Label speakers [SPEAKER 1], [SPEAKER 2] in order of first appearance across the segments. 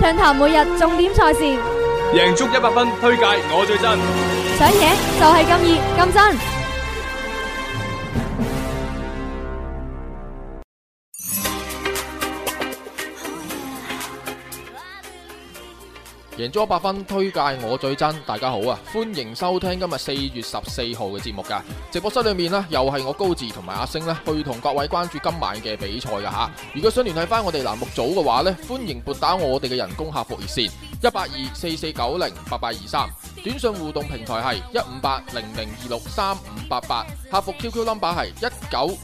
[SPEAKER 1] 暢談每日重點賽事，贏足一百分，推介我最真，
[SPEAKER 2] 想贏就係咁易咁真。贏咗一百分，推介我最真。大家好啊，歡迎收聽今日四月十四號嘅節目噶。直播室裏面呢，又係我高智同埋阿星呢去同各位關注今晚嘅比賽噶吓。如果想聯繫翻我哋欄目組嘅話呢，歡迎撥打我哋嘅人工客服熱線一八二四四九零八八二三。短信互動平台係一五八零零二六三五八八，客服 QQ 號碼係一九五五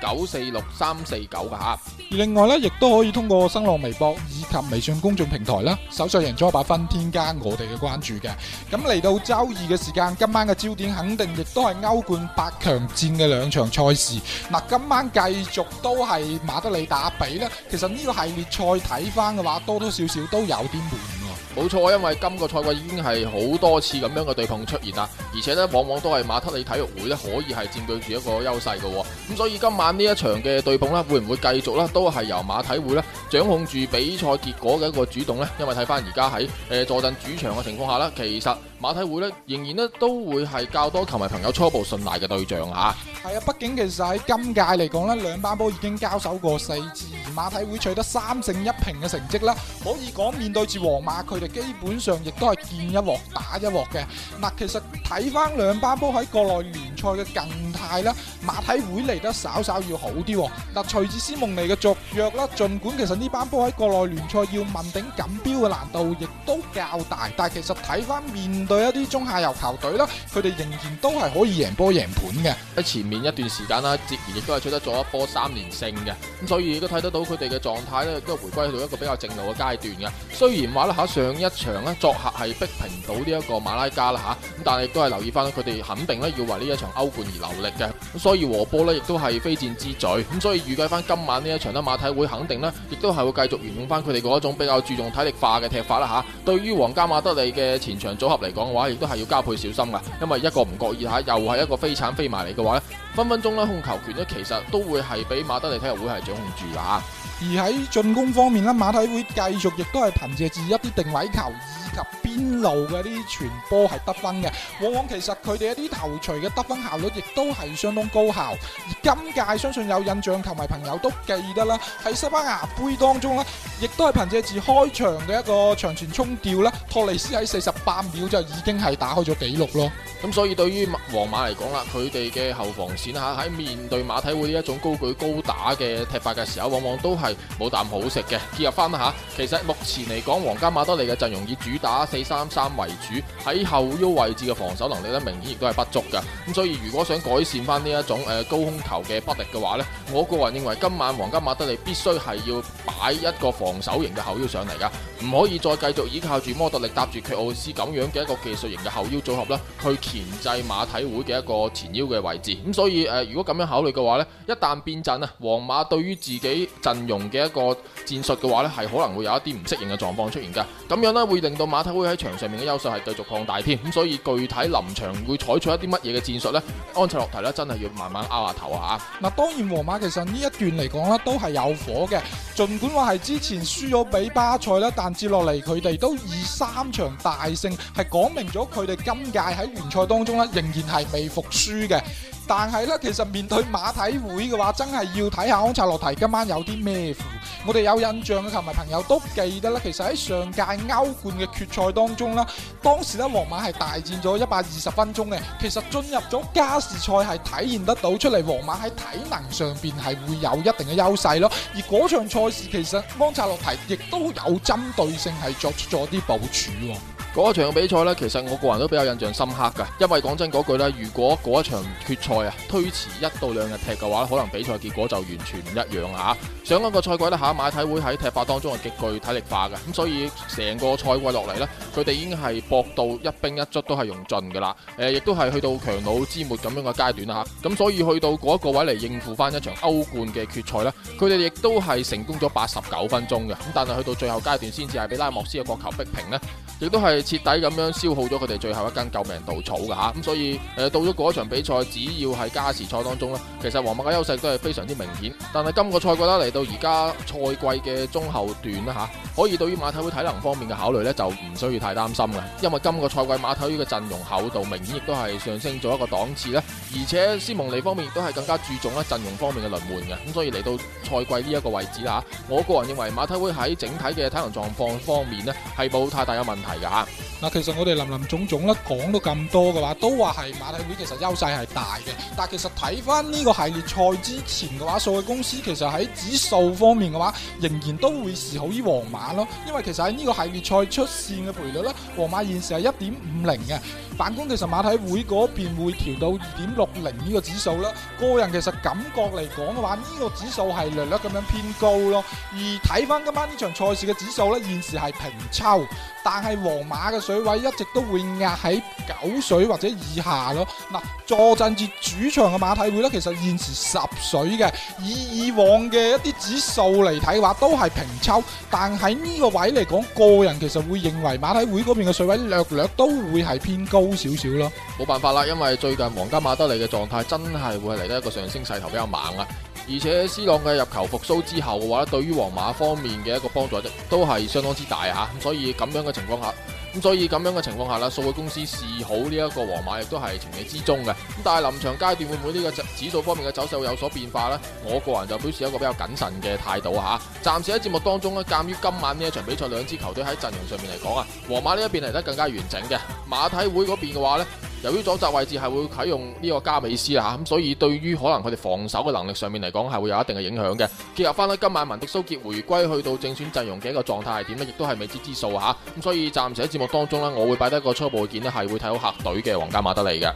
[SPEAKER 2] 九四六三四九噶吓。
[SPEAKER 1] 而另外咧，亦都可以通過新浪微博以及微信公眾平台啦，搜索，贏足一百分，添加我哋嘅關注嘅。咁嚟到週二嘅時間，今晚嘅焦點肯定亦都係歐冠八強戰嘅兩場賽事。嗱，今晚繼續都係馬德里打比啦。其實呢個系列賽睇翻嘅話，多多少少都有啲悶。
[SPEAKER 2] 冇錯，因為今個賽季已經係好多次咁樣嘅對碰出現啦，而且呢，往往都係馬德里體育會呢可以係佔據住一個優勢嘅，咁所以今晚呢一場嘅對碰呢，會唔會繼續呢？都係由馬體會呢掌控住比賽結果嘅一個主動呢？因為睇翻而家喺誒坐鎮主場嘅情況下呢，其實馬體會呢，仍然呢，都會係較多球迷朋友初步信賴嘅對象吓。
[SPEAKER 1] 係啊，畢、啊、竟其實喺今屆嚟講呢，兩班波已經交手過四次，馬體會取得三勝一平嘅成績啦，可以講面對住皇馬佢。基本上亦都係見一鑊打一鑊嘅，嗱，其實睇翻兩班波喺國內聯賽嘅近。係啦，馬體會嚟得稍稍要好啲。嗱，隨住斯蒙尼嘅續約啦，盡管其實呢班波喺國內聯賽要問鼎錦標嘅難度亦都較大，但係其實睇翻面對一啲中下游球隊啦，佢哋仍然都係可以
[SPEAKER 2] 贏波贏盤嘅。喺前面一段時間啦，哲賢亦都係取得咗一波三連勝嘅，咁所以亦都睇得到佢哋嘅狀態咧，都係回歸到一個比較正路嘅階段嘅。雖然話咧吓上一場咧作客係逼平到呢一個馬拉加啦吓，咁但係亦都係留意翻佢哋肯定咧要為呢一場歐冠而留力。所以和波呢亦都係非戰之罪。咁所以預計翻今晚呢一場咧，馬體會肯定咧，亦都係會繼續沿用翻佢哋嗰一種比較注重體力化嘅踢法啦吓，對於皇家馬德里嘅前場組合嚟講嘅話亦都係要加倍小心啊！因為一個唔覺意吓又係一個飛鏟飛埋嚟嘅話咧，分分鐘咧控球權咧，其實都會係俾馬德里體育會係掌控住啦嚇。
[SPEAKER 1] 而喺進攻方面咧，馬體會繼續亦都係憑借住一啲定位球。及邊路嘅啲傳波係得分嘅，往往其實佢哋一啲頭槌嘅得分效率亦都係相當高效。而今屆相信有印象球迷朋友都記得啦，喺西班牙杯當中呢，亦都係憑藉自開場嘅一個長傳沖吊啦，托尼斯喺四十八秒就已經係打開咗紀錄咯。咁所以對於
[SPEAKER 2] 皇馬嚟講啦，佢哋嘅後防線嚇喺面對馬體會呢一種高舉高打嘅踢法嘅時候，往往都係冇啖好食嘅。結合翻吓，其實目前嚟講，皇家馬德里嘅陣容以主打四三三為主，喺後腰位置嘅防守能力呢，明顯亦都係不足噶。咁所以如果想改善翻呢一種誒高空球嘅不力嘅話呢，我個人認為今晚皇家馬德里必須係要擺一個防守型嘅後腰上嚟噶，唔可以再繼續依靠住摩德力搭住克奧斯咁樣嘅一個技術型嘅後腰組合啦，去鉗制馬體會嘅一個前腰嘅位置。咁所以誒如果咁樣考慮嘅話呢，一旦變陣啊，皇馬對於自己陣容嘅一個戰術嘅話呢，係可能會有一啲唔適應嘅狀況出現噶。咁樣呢，會令到。馬體會喺場上面嘅優勢係繼續擴大添，咁所以具體臨場會採取一啲乜嘢嘅戰術呢？安切洛蒂呢，真係要慢慢拗下頭啊！
[SPEAKER 1] 嗱，當然皇馬其實呢一段嚟講呢，都係有火嘅，盡管話係之前輸咗畀巴塞咧，但接落嚟佢哋都以三場大勝係講明咗佢哋今屆喺聯賽當中呢，仍然係未服輸嘅。但係咧，其實面對馬體會嘅話，真係要睇下安察洛提今晚有啲咩符。我哋有印象嘅球迷朋友都記得啦。其實喺上屆歐冠嘅決賽當中啦，當時咧皇馬係大戰咗一百二十分鐘嘅。其實進入咗加時賽係體現得到出嚟，皇馬喺體能上面係會有一定嘅優勢咯。而嗰場賽事其實安察洛提亦都有針對性係作出咗啲部
[SPEAKER 2] 署。嗰一場比賽呢，其實我個人都比較印象深刻嘅，因為講真嗰句呢，如果嗰一場決賽啊推遲一到兩日踢嘅話，可能比賽結果就完全唔一樣。上一個賽季呢，嚇，馬體會喺踢法當中係極具體力化嘅，咁所以成個賽季落嚟呢，佢哋已經係搏到一兵一卒都係用盡嘅啦。誒，亦都係去到強弩之末咁樣嘅階段啦。咁所以去到嗰一個位嚟應付翻一場歐冠嘅決賽呢，佢哋亦都係成功咗八十九分鐘嘅，咁但係去到最後階段先至係俾拉莫斯嘅國球逼平呢，亦都係。徹底咁樣消耗咗佢哋最後一根救命稻草嘅，吓，咁所以誒，到咗嗰一場比賽，只要係加時賽當中咧，其實皇馬嘅優勢都係非常之明顯。但係今個賽季咧，嚟到而家賽季嘅中後段啦吓，可以對於馬體會體能方面嘅考慮呢，就唔需要太擔心嘅，因為今個賽季馬體會嘅陣容厚度明顯亦都係上升咗一個檔次呢，而且斯蒙尼方面亦都係更加注重咧陣容方面嘅輪換嘅，咁所以嚟到賽季呢一個位置啦，我個人認為馬體會喺整體嘅體能狀況方面呢，係冇太大嘅問題嘅吓。
[SPEAKER 1] 嗱，其實我哋林林總總咧，講到咁多嘅話，都話係馬體會其實優勢係大嘅。但係其實睇翻呢個系列賽之前嘅話，數據公司其實喺指數方面嘅話，仍然都會示好於皇馬咯。因為其實喺呢個系列賽出線嘅賠率咧，皇馬現時係一點五零嘅。反觀其實馬體會嗰邊會調到二點六零呢個指數啦。個人其實感覺嚟講嘅話，呢、呢個指數係略略咁樣偏高咯。而睇翻今晚呢場賽事嘅指數呢，現時係平抽。但係皇馬嘅水位一直都會壓喺九水或者以下咯。嗱，坐鎮至主場嘅馬體會呢，其實現時十水嘅，以以往嘅一啲指數嚟睇嘅話，都係平抽。但喺呢個位嚟講，個人其實會認為馬體會嗰邊嘅水位略略都會係偏高少少咯。
[SPEAKER 2] 冇辦法啦，因為最近皇家馬德里嘅狀態真係會嚟得一個上升勢頭比較猛啦、啊。而且 C 朗嘅入球復蘇之後嘅話咧，對於皇馬方面嘅一個幫助都係相當之大吓，咁所以咁樣嘅情況下，咁所以咁樣嘅情況下啦，數據公司示好呢一個皇馬亦都係情理之中嘅。咁但係臨場階段會唔會呢個指數方面嘅走勢會有所變化咧？我個人就表示一個比較謹慎嘅態度吓。暫時喺節目當中咧，鑒於今晚呢一場比賽兩支球隊喺陣容上面嚟講啊，皇馬呢一邊嚟得更加完整嘅，馬體會嗰邊嘅話咧。由於左閘位置係會啟用呢個加美斯啦，咁所以對於可能佢哋防守嘅能力上面嚟講係會有一定嘅影響嘅。結合翻呢，今晚文迪蘇杰回歸去到正選陣容嘅一個狀態係點呢？亦都係未知之數嚇。咁所以暫時喺節目當中呢，我會擺得一個初步見呢，係會睇好客隊嘅皇家馬德里嘅。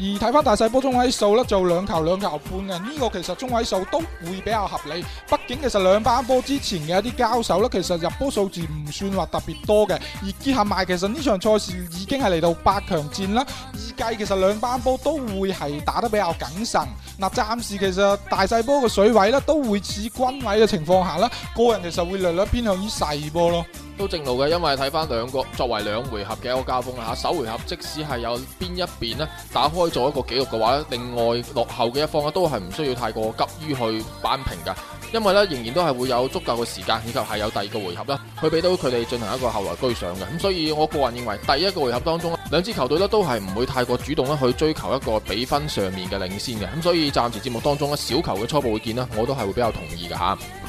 [SPEAKER 1] 而睇翻大細波中位數咧，就兩球兩球半嘅呢個其實中位數都會比較合理。畢竟其實兩班波之前嘅一啲交手咧，其實入波數字唔算話特別多嘅。而結合埋其實呢場賽事已經係嚟到八強戰啦。預計其實兩班波都會係打得比較謹慎。嗱，暫時其實大細波嘅水位咧都會似均位嘅情況下咧，個人其實會略略偏向於細波咯。
[SPEAKER 2] 都正路嘅，因為睇翻兩個作為兩回合嘅一個交鋒吓，首回合即使係有邊一邊呢打開咗一個紀錄嘅話，另外落後嘅一方都係唔需要太過急於去扳平噶因為呢仍然都係會有足夠嘅時間以及係有第二個回合啦，去俾到佢哋進行一個後來居上嘅。咁所以我個人認為第一個回合當中，兩支球隊呢都係唔會太過主動咧去追求一個比分上面嘅領先嘅，咁所以暫時節目當中小球嘅初步意見我都係會比較同意嘅吓。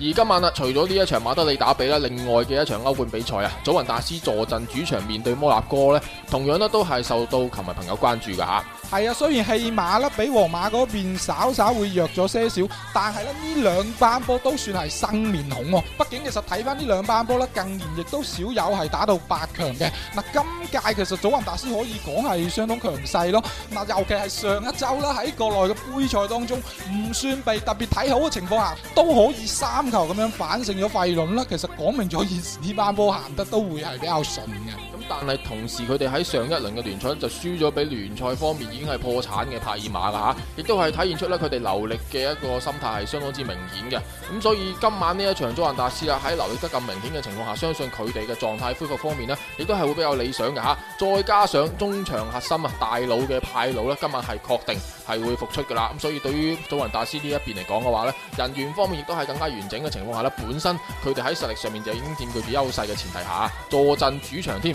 [SPEAKER 2] 而今晚啊，除咗呢一場馬德里打比咧，另外嘅一場歐冠比賽啊，祖雲達斯坐鎮主場面對摩納哥呢，同樣咧都係受到球迷朋友關注㗎吓。
[SPEAKER 1] 係啊，雖然戲馬啦比皇馬嗰邊稍稍會弱咗些少，但係咧呢兩班波都算係生面孔喎、哦。畢竟其實睇翻呢兩班波呢，近年亦都少有係打到八強嘅。嗱，今屆其實祖雲達斯可以講係相當強勢咯。嗱，尤其係上一周啦，喺國內嘅杯賽當中，唔算被特別睇好嘅情況下，都可以三球咁樣反勝咗費倫。啦其實講明咗現時，呢班波行得都會係比較順嘅。
[SPEAKER 2] 但係同時，佢哋喺上一輪嘅聯賽就輸咗俾聯賽方面已經係破產嘅帕爾馬啦嚇，亦都係體現出咧佢哋流力嘅一個心態係相當之明顯嘅。咁所以今晚呢一場祖雲達斯啦喺流力得咁明顯嘅情況下，相信佢哋嘅狀態恢復方面呢，亦都係會比較理想嘅嚇。再加上中場核心啊大佬嘅派路咧，今晚係確定係會復出噶啦。咁所以對於祖雲達斯呢一邊嚟講嘅話咧，人員方面亦都係更加完整嘅情況下咧，本身佢哋喺實力上面就已經佔據住優勢嘅前提下，坐鎮主場添。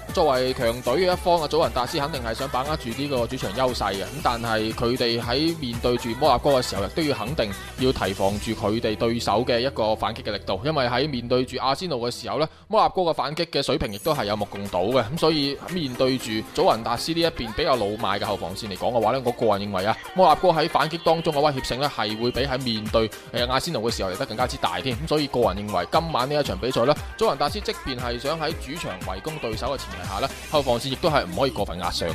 [SPEAKER 2] 作為強隊嘅一方啊，祖雲達斯肯定係想把握住呢個主場優勢嘅，咁但係佢哋喺面對住摩納哥嘅時候，亦都要肯定要提防住佢哋對手嘅一個反擊嘅力度，因為喺面對住阿仙奴嘅時候呢，摩納哥嘅反擊嘅水平亦都係有目共睹嘅，咁所以面對住祖雲達斯呢一邊比較老邁嘅後防線嚟講嘅話呢，我個人認為啊，摩納哥喺反擊當中嘅威脅性呢係會比喺面對誒阿仙奴嘅時候嚟得更加之大添，咁所以個人認為今晚呢一場比賽呢，祖雲達斯即便係想喺主場圍攻對手嘅前面。下啦，後防線亦都係唔可以過分壓上嘅。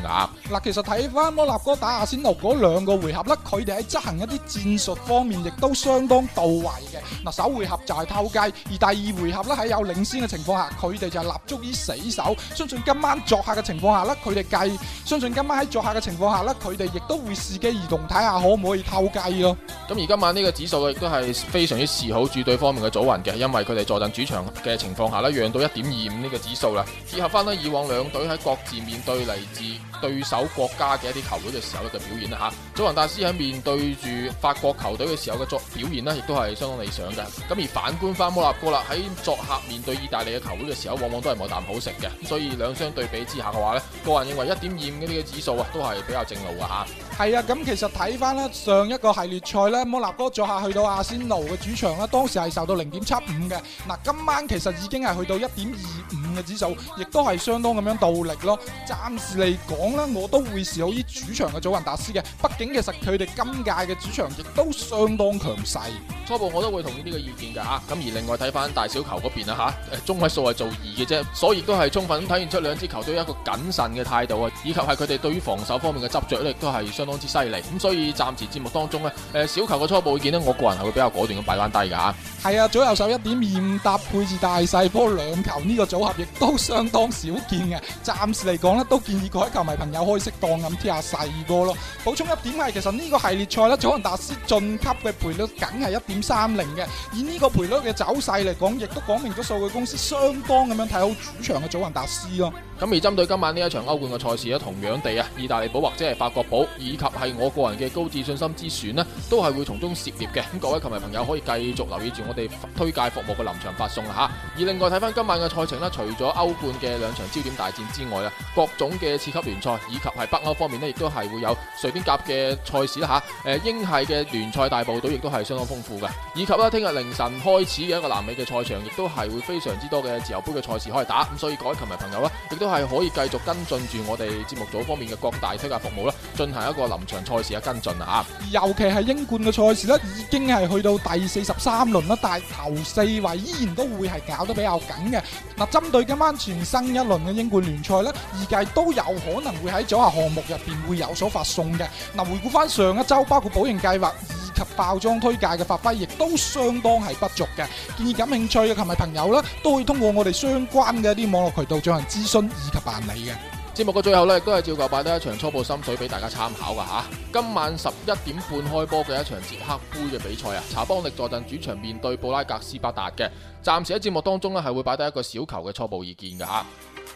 [SPEAKER 1] 嗱，其實睇翻摩納哥打阿仙奴嗰兩個回合呢，佢哋喺執行一啲戰術方面亦都相當到位嘅。嗱，首回合就係偷雞，而第二回合咧，喺有領先嘅情況下，佢哋就立足於死守。相信今晚作客嘅情況下呢，佢哋計；相信今晚喺作客嘅情況下呢，佢哋亦都會伺機而動，睇下可唔可以偷雞咯。
[SPEAKER 2] 咁而今晚呢個指數亦都係非常之示好 favour 主隊方面嘅祖雲嘅，因為佢哋坐陣主場嘅情況下呢，讓到一點二五呢個指數啦。結合翻咧當兩隊喺各自面對嚟自對手國家嘅一啲球隊嘅時候嘅表現啦吓，祖雲達斯喺面對住法國球隊嘅時候嘅作表現咧，亦都係相當理想嘅。咁而反觀翻摩納哥啦，喺作客面對意大利嘅球隊嘅時候，往往都係冇啖好食嘅。所以兩相對比之下嘅話咧，個人認為一點二五呢個指數啊，都係比較正路嘅吓。係啊，咁其實
[SPEAKER 1] 睇翻咧，上一個系列賽咧，摩納哥作客去到阿仙奴嘅主場咧，當時係受到零點七五嘅，嗱今晚其實已經係去到一點二五嘅指數，亦都係相當咁樣倒力咯。暫時嚟講咧，我都會是好於主場嘅祖雲達斯嘅，畢竟其實佢哋今屆嘅主場亦都相當強勢。
[SPEAKER 2] 初步我都會同意呢個意見嘅啊，咁而另外睇翻大小球嗰邊啊吓，誒中位數係做二嘅啫，所以都係充分咁體現出兩支球隊一個謹慎嘅態度啊，以及係佢哋對於防守方面嘅執着咧，亦都係相。當之犀利，咁所以暫時節目當中誒、呃、小球嘅初步意見咧，我個人係會比較果斷咁擺翻低噶係啊，左右、
[SPEAKER 1] 啊、手一點面搭配置大細波兩球呢個組合，亦都相當少見嘅。暫時嚟講咧，都建議各位球迷朋友可以適當咁貼下細波咯。補充一點係，其實呢個系列賽咧，祖雲達斯晉級嘅賠率，梗係一點三零嘅。以呢個賠率嘅走勢嚟講，亦都講明咗數據公司相當咁樣睇好主場嘅祖雲達斯咯。
[SPEAKER 2] 咁而針對今晚呢一場歐冠嘅賽事咧，同樣地啊，意大利保或者係法國保，以及係我個人嘅高自信心之選咧，都係會從中涉獵嘅。咁各位球迷朋友可以繼續留意住我哋推介服務嘅臨場發送嚇。而另外睇翻今晚嘅賽程咧，除咗歐冠嘅兩場焦點大戰之外啦，各種嘅次級聯賽以及係北歐方面咧，亦都係會有瑞典甲嘅賽事嚇。誒、啊，英系嘅聯賽大部隊亦都係相當豐富嘅。以及咧，聽日凌晨開始嘅一個南美嘅賽場，亦都係會非常之多嘅自由杯嘅賽事可以打。咁所以各位球迷朋友啊，亦都都係可以繼續跟進住我哋節目組方面嘅各大推介服務啦，進行一個臨場賽事嘅跟進啊！
[SPEAKER 1] 尤其係英冠嘅賽事咧，已經係去到第四十三輪啦，但係頭四位依然都會係搞得比較緊嘅。嗱，針對今晚全新一輪嘅英冠聯賽咧，預計都有可能會喺組合項目入邊會有所發送嘅。嗱，回顧翻上一周，包括保贏計劃。及爆莊推介嘅發揮亦都相當係不俗嘅，建議感興趣嘅球迷朋友呢，都可以通過我哋相關嘅一啲網絡渠道進行諮詢以及
[SPEAKER 2] 辦理嘅。節目嘅最後呢，都係照舊擺低一場初步心水俾大家參考噶吓，啊。今晚十一點半開波嘅一場捷克杯嘅比賽啊，查邦力坐鎮主場面對布拉格斯巴達嘅，暫時喺節目當中呢，係會擺低一個小球嘅初步意見噶吓。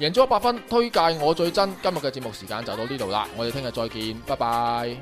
[SPEAKER 2] 贏足一百分推介我最真，今日嘅節目時間就到呢度啦，我哋聽日再見，拜拜。